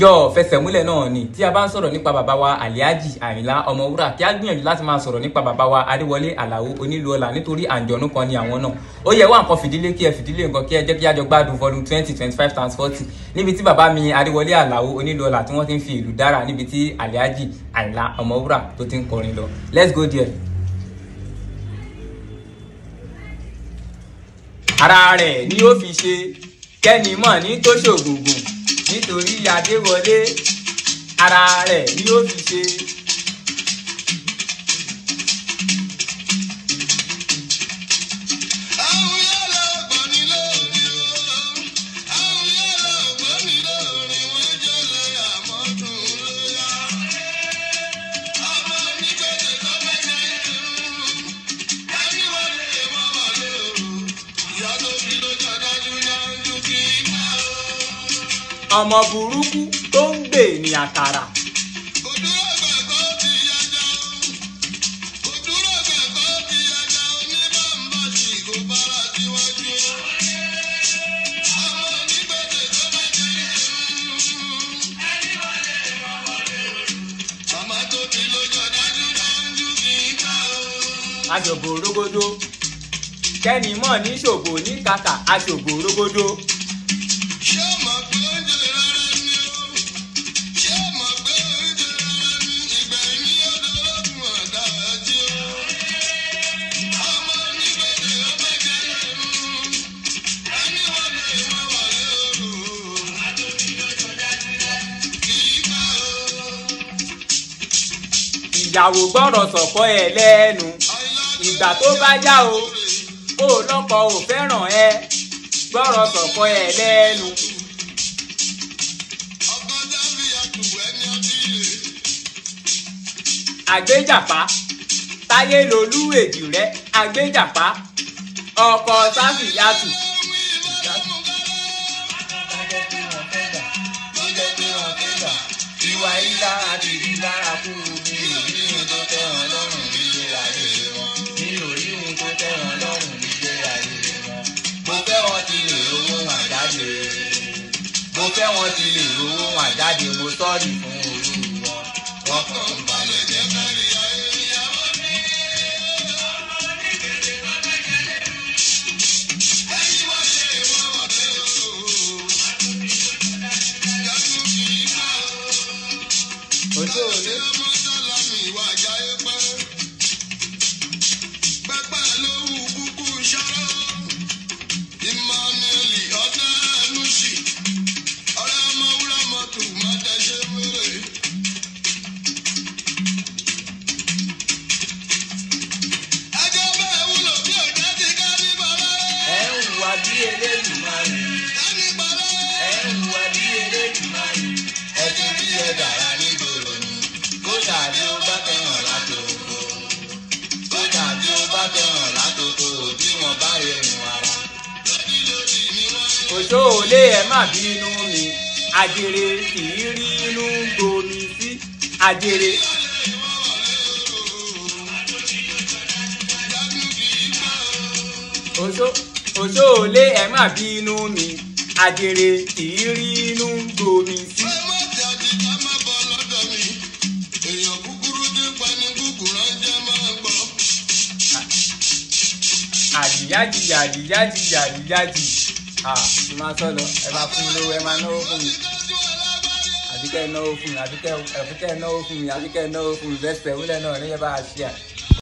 yọ fẹsẹ̀múlẹ̀ náà ni tí a bá ń sọ̀rọ̀ nípa bàbá wa aliaji àyìnlá ọmọwúrà kí a gbìyànjú láti máa sọ̀rọ̀ nípa bàbá wa adéwọlé àlàó onílù ọlà nítorí àǹjọ̀nú kan ni àwọn náà ó yẹ wá nǹkan fìdílé kí ẹ fìdílé nǹkan kí ẹ jẹ́ kí a jọ gbádùn fọdún twenty twenty five times forty níbi tí bàbá mi adéwọlé àlàó onílù ọlà tí wọ́n ti ń fi ìlú dára níbi tí aliaji àyìnlá ọmọwúrà tó ti ń kọrin lọ let's go there. ara rẹ̀ ni ó fi ṣe kẹ́ni mọ̀ ní tó ṣògùngùn nítorí adéwọlé ara rẹ̀ ni ó fi ṣe. ọmọ burúkú tó ń gbè ní àkàrà. aṣògo rógódó kẹ́ni mọ̀ ní ṣògo ní kàkà aṣògo rógódó. ìyàwó gbọ́rọ̀ sọ̀kọ́ ẹ lẹ́nu ìgbà tó bá já o ó lọ́kọ ò fẹ́ràn ẹ gbọ́rọ̀ sọ̀kọ́ ẹ lẹ́nu. àgbéjàpá táyé lolú èjì rẹ àgbéjàpá ọkọ sáfìyàtù. ìwà ìlà àti ìlà àkúrò. mo fẹ́ wọn ti lè rówó wọn àjáde mo sọ́ọ̀rì fún olúwa wọn balẹ̀ jẹ́ mẹ́rin. Elédùmarè. ẹni bàbá ẹ wù ẹ bí Elédùmarè. ẹjẹ bí ẹ òjò òlé ẹ má bínú mi àjèrè kì rí inú gbomi sí àjèrè. òjò òṣòlé ẹ má bínú mi àjèrè kì í rí inú gbomi sí. àdìyájì àdìyájì àdìyájì àti máa sọ lọ ẹ máa fún mi lówó ẹ máa náwó fún mi àbíkẹ́ náwó fún mi àbíkẹ́ náwó fún mi àbíkẹ́ náwó fún mi zẹ́sẹ̀ wúlẹ̀ náà níyẹn bá a ṣe à.